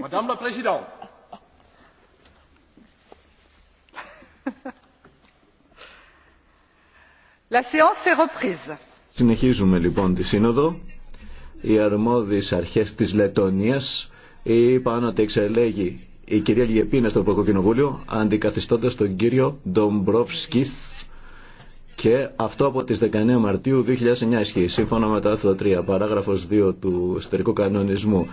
Madame la Présidente. La séance est reprise. Συνεχίζουμε λοιπόν τη σύνοδο. Οι αρμόδιες αρχές της Λετωνίας είπαν ότι εξελέγει η κυρία Λιεπίνα στο Ευρωπαϊκό Κοινοβούλιο αντικαθιστώντας τον κύριο Ντομπρόφσκι και αυτό από τις 19 Μαρτίου 2009 ισχύει σύμφωνα με το άρθρο 3 παράγραφος 2 του εσωτερικού κανονισμού